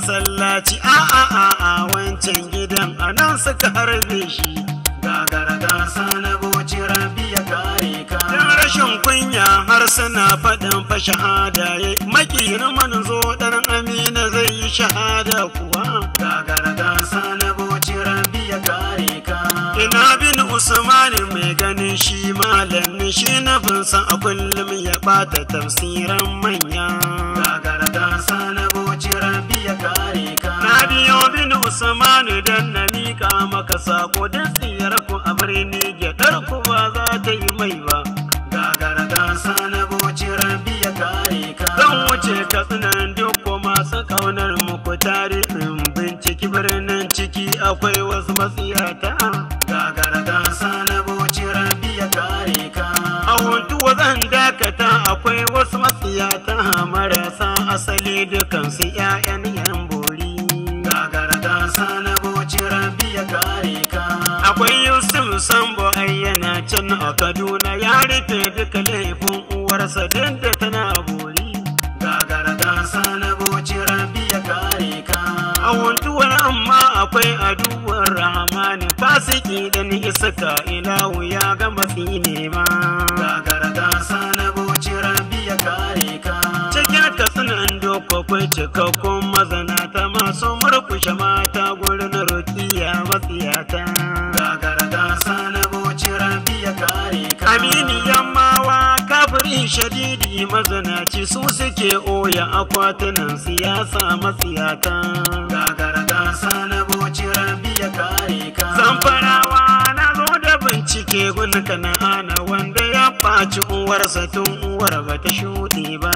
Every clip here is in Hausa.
masallaci a a a a wancan gidan a nan suka harbe shi Ga garga na goci rabi ya kare ka don rashin kunya har suna faɗin fa shahada ya makirin manzo dan amina zai yi shahada kuwa Ga garga na goci rabi ya kare ka ina bin usmani mai ganin shi malamin shi na san a kullum ya bata tafsiran manya ƙasa ko da siyar ku a birni gyaɗar ku ba za ta yi mai ba. Gagara gasa na goce rabi ya kare ka. Zan wuce katsinan duk masu ƙaunar muku tarihin binciki birnin ciki akwai wasu matsiyata. Gagara gasa na goce rabi ya kare ka. A hutu zan dakata akwai wasu matsiyata marasa asali dukansu 'ya'yan yan bori. Gagara gasa na sambo ai yana can a kaduna ya rufe duka laifin uwarsa don da tana buri gagara gasa na goci rabi ya kare ka a wantuwar amma akwai aduwar rahamani fasiki da ni ka ina ya ga matsi ne ma gagara gasa na goci rabi ya kare ka cikin ka sanan cikakkun mazanaci su suke oya akwatunan siyasa masiyata gagara gasa na boci rabi ya kare ka zamfarawa na zo da bincike gunka na hana wanda ya faci sa tun uwar ba ta shuɗe ba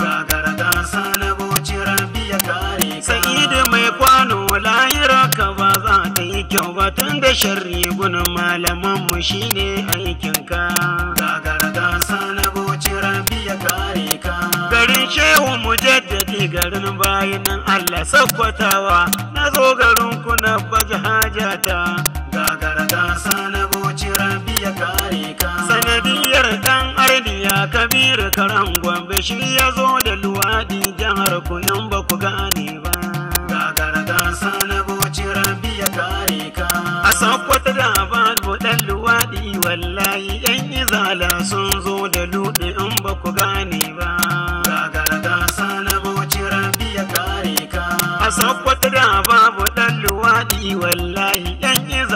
gagara gasa na boci rabi ya kare ka sa'idu mai kwano lahira ka ba za ta yi kyau ba tun da sharri gunan malaman mu shine aikinka Ka gasa na boci rabi ya kare garin shehu mujaddadi garin bayan Allah sakkwatawa na zo garin ku na baje hajata gagara gasa na boci rabi ya kare ka sanadiyar dan ardiya kabiru karan gombe shi ya zo da luwaɗi jihar ku nan ba ku gane ba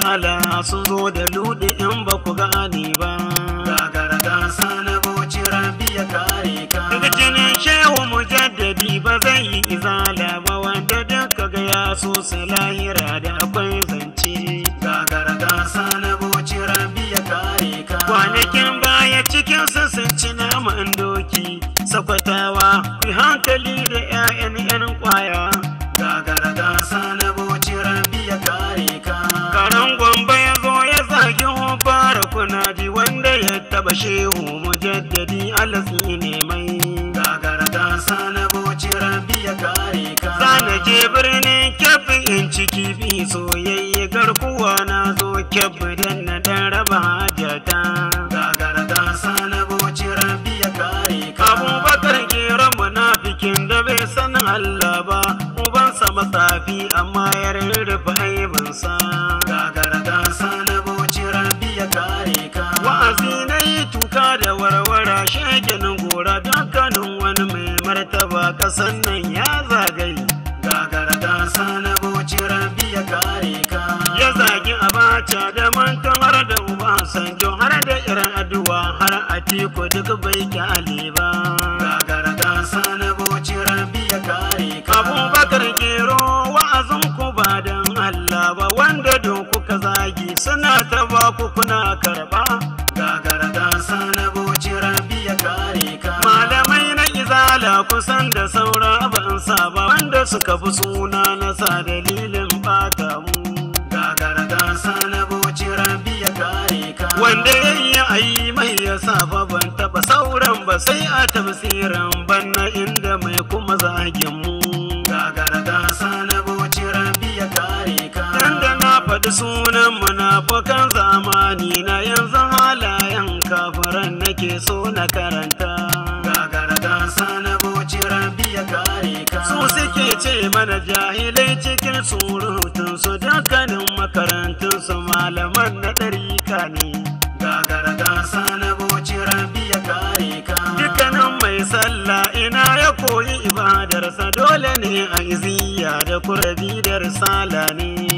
wahala sun zo da luɗi in ba ku gane ba gagara gasa na boci rabi ya kare ka da jinin shehu mujaddadi ba zai yi izala ba wanda duka ga ya so lahira shehu mujaddadi alasni ne mai gagarda sana boci rabbi ya kare ka sana je birnin kyafi in ciki bi soyayye garkuwa na zo kyafi dan na dan raba hajjata gagarda sana boci rabbi ya kare ka abubakar geron munafikin da bai sanin allah ba ubansa matsafi amma ya rurrufa bakar gero wa'azin ku ba dan Allah ba wanda don kuka zagi suna ta ba ku kuna karba gagara na boci rabi ya kare ka malamai na izala kusan da saura sa ba, wanda suka fi suna na sa dalilin bata mu gagara na boci rabi ya kare ka wanda yayi ayi mai yasa ba ban taba sauran ba sai a tafsirin banna inda mai kuma zagin mu sunan munafukan zamani na yanzu halayen kafiran nake so na karanta. Gagaragan boci ya kare ka. Su suke ce mana jahilai cikin surutun su dukkanin makarantun su malaman na ɗarika ne. Gagaragan sana boci ya kare ka. Dukkanin mai sallah ina ya koyi ibadarsa dole ne a iziya da kurabi da risala ne.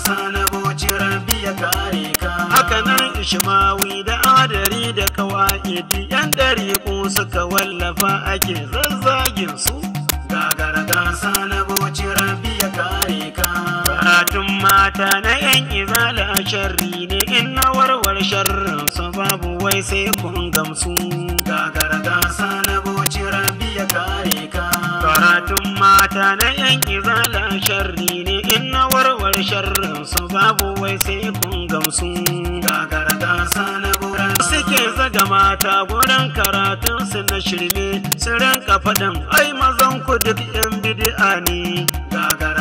sani boci rabbi ya kare hakanan ishmawi da adari da kawa'idi yan dari suka wallafa ake zazzagin su gagara gasa na boci rabbi ya kare ka baratun mata na yan izala sharri ne in na warware sharrin su babu wai sai kun gamsu gagara gasa mata yan izala sharri ne in na warware sharrin su babu wai sai kun gamsu gagara gasa na gurin suke zaga mata gurin karatun su na shirme su rinka faɗin ai mazan ku duk yan bidi'a ne gagara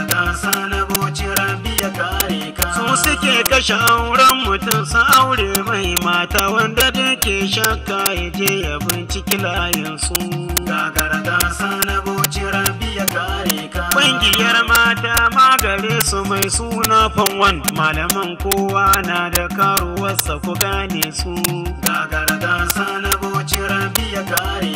suke kashe auren mutum su aure mai mata wanda da ke shakka ya je ya binciki layinsu. Gagara gasa na boci rabi ya kare ka. Ƙungiyar mata magare su mai suna fanwan malaman kowa na da karuwarsa ku gane su. Gagara na boci rabi ya kare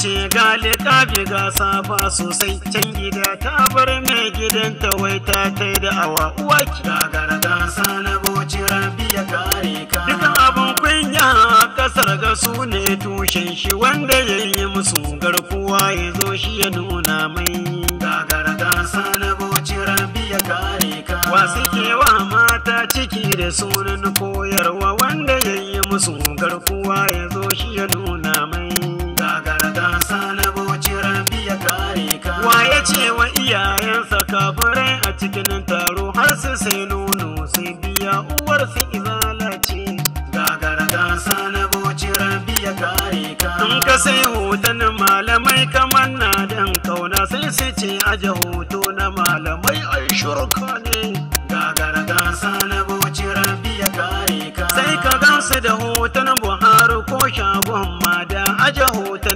ce ga liƙafi ga safa sosai can gida ta bar mai gidan ta wai ta kai da awa uwa ki gagara gasa na boci rabi ya kare ka duka abun kunya kasar ga su ne tushen shi wanda ya yi musu garkuwa ya zo shi ya nuna mai gagara gasa na boci rabi ya kare ka wasu kewa mata ciki da sunan koyarwa wanda ya yi musu garkuwa ya zo shi ya nuna wa iyayensa kafirai a cikin taro har su sai nono sai biya uwar su izalace ga gagara gasa na bocira biya kare ka in ka sai hoton malamai kamar na dan kauna sai su ce aje hoto na malamai ai shurka ne gagara gasa na bocira biya kare ka sai ka gansu da hoton buhari ko shagon ma da aje hoton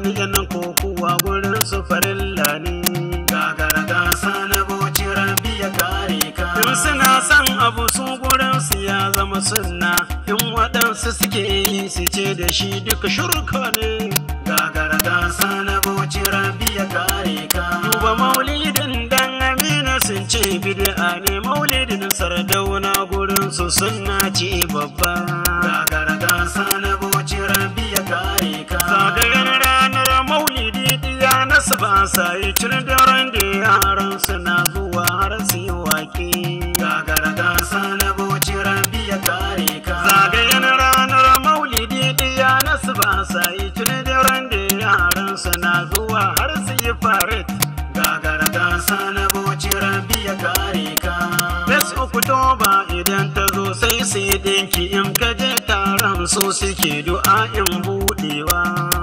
sunna in waɗansu suke yi su ce da shi duka shirka ne gagara na boci rabi ya kare ka duba maulidin dan amina sun ce bid'a ne maulidin sardauna gurin su sunna ce babba gagara gasa na boci rabi ya kare ka zagayen ranar maulidi diya na su ba sa yi tun daren da yaran suna zuwa har su yi waƙe gagara na boci rabi na bauchi rabi ya kare ka Fes Oktoba idan ta zo sai sai ɗinki in ka je taron su suke du'a'in buɗewa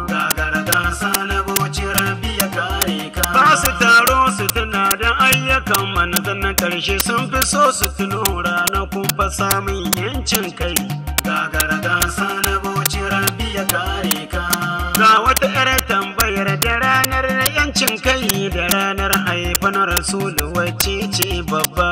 Gagara sa na bauchi rabi ya kare ka Ba su taro su tuna da ayyukan manzan na ƙarshe sun fi so su tuno ranakun fa samun yancin kai Gagara sa na bauchi rabi ya kare ka Ga wata 'yar tambayar da ranar na yancin kai da ranar ifin rasulu wace ce babba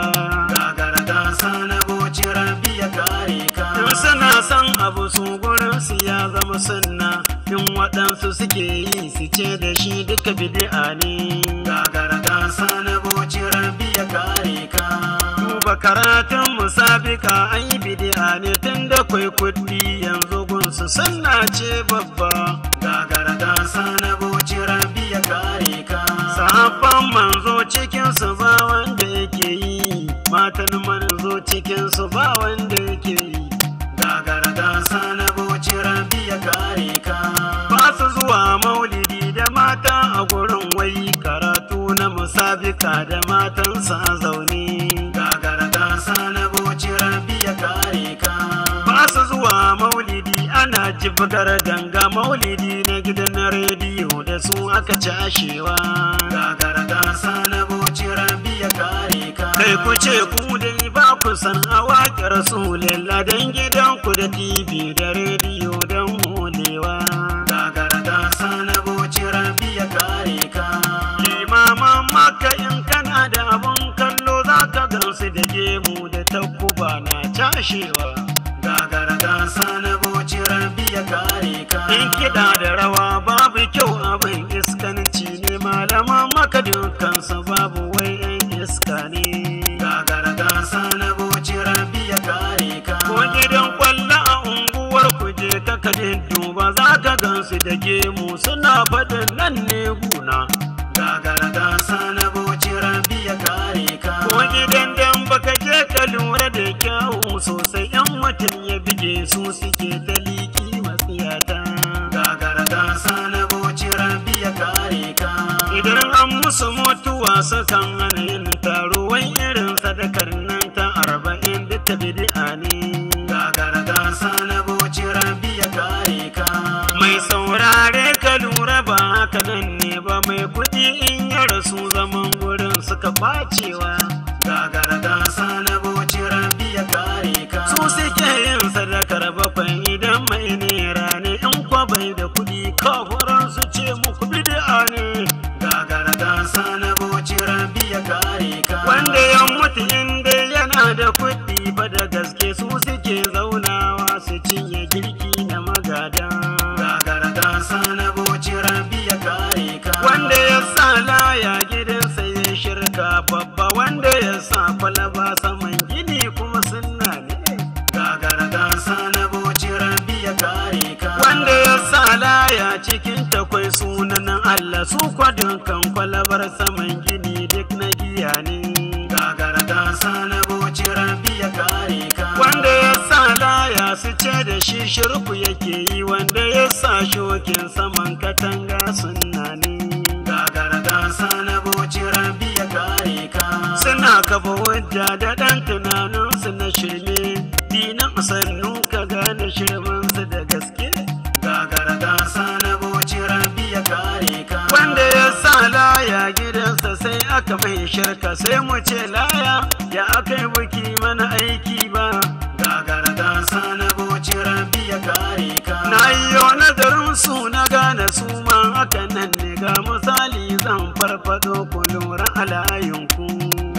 gagara gasa sana goci rabi ya kare ka in suna son abu su gurin su ya zama sunna in waɗansu suke yi su ce da shi duka bidi'a ne gagara gasa sana goci rabi ya kare ka duba karatun musabika an yi bidi'a ne tun da kwaikwaɗi yanzu gunsu sunna ce babba gagara gasa na goci rabi ya kare ka safan manzo cikin su ba wanda yake yi matan manzo cikin su ba wanda yake yi gagara gasa na boci rabi ya kare ka ba su zuwa maulidi da mata a gurin wai karatu na musabika da matan sa jibgar ganga maulidi na gidan rediyo da su aka cashewa gagara gasa na boci biya kare ka kai ku ce ku dai ba ku san awaƙi rasulilla don gidan ku da tv da rediyo don holewa gagara gasa na boci biya kare ka limaman maka in kana da abun kallo za ka gansu da gemu da takuba na cashewa gagara gasa na rabbi ya kare ka in kiɗa da rawa babu kyau abin iskanci ne malaman maka dukansa babu wai yan iska ne ta bid'a ne gagara gasa na boci rabi ya kare ka mai saurare ka lura ba haka nan ne ba mai kuɗi in ya rasu zaman gurin suka ɓacewa. suke zaunawa su cinye girki na magada gagara gasa na boci rabi ya kare ka wanda ya sa laya gidansa ya shirka babba wanda ya sa kwalaba saman gini kuma sun ne gagara gasa na boci rabi ya kare ka wanda ya sa laya cikin takwai sunan Allah su kwadon kan kwalabar saman gini duk na giya ne gagara na boci rabi ya kare ka wanda ya sa laya su ce da shi shirku yake yi wanda ya sa shokin saman katanga suna ne gagara na boci rabi ya kare ka suna kafa wadda da ɗan tunaninsu na shirme dinan sannu ka gane shirmansu da gaske gagara aka mai shirka sai mu ce laya ya aka yi buki mana aiki ba gagara gasa na buci rabi ya kare ka na yi nazarin su na gane su ma aka nan ne ga misali zan farfado ku lura alayinku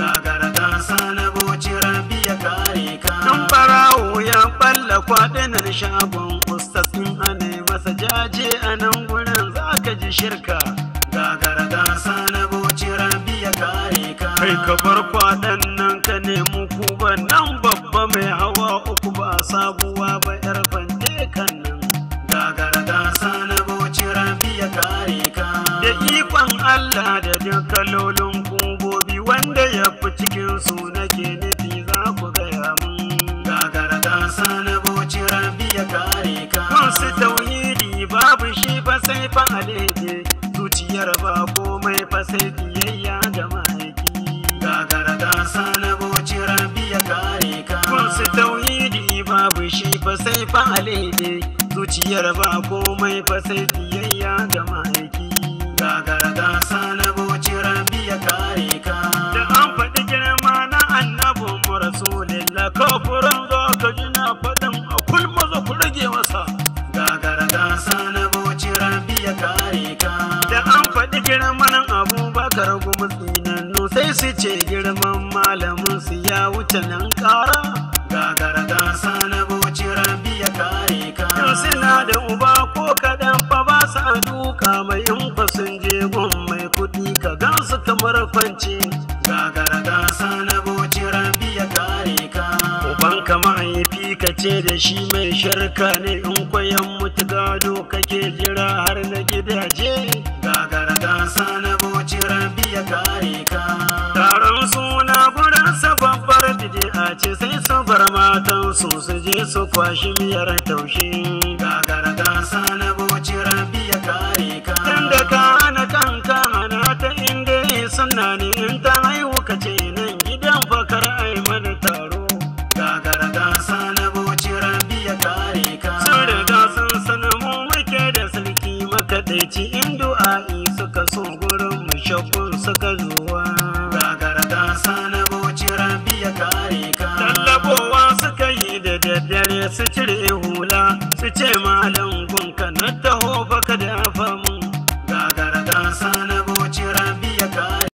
gagara gasa na buci rabi ya kare ka nan barawo ya balla kwaɗinan shagon ustaz in ane masa jaje a nan gurin za ka ji shirka kai ka bar faɗan nan ka nemi ba nan babba mai hawa uku ba sabuwa ba ƴar fante kan nan gagara gasa na bauchi rafi ya kare ka da ikon Allah da biyar ba komai fa sai biyayya ga ma'aiki gagara gasa na boci rabi ya kare ka da an faɗi girma na annabu mu rasulillah kafuran zo ka ji na faɗin a kulma zo ku rage masa gagara gasa na boci rabi ya kare ka da an faɗi girman abubakar gumutsinannu sai su ce girman malamin su ya wuce nan ƙara gagara gasa na boci suna da uba ko kaɗan fa ba sa duka mai in sun je mai kuɗi ka gansu kamar kwanci. Ga na boci rabi ya kare ka uban ka mahaifi ka ce da shi mai sharka ne in kwayan mutu gado kake jira har na gidaje Ga na boci rabi ya kare ka taron suna yar a ce sai sun bar matan su su je su kwashi miyar taushe gagara gasa na boci rabi ya kare ka da ka hana kanka hana ta inda suna ne in ta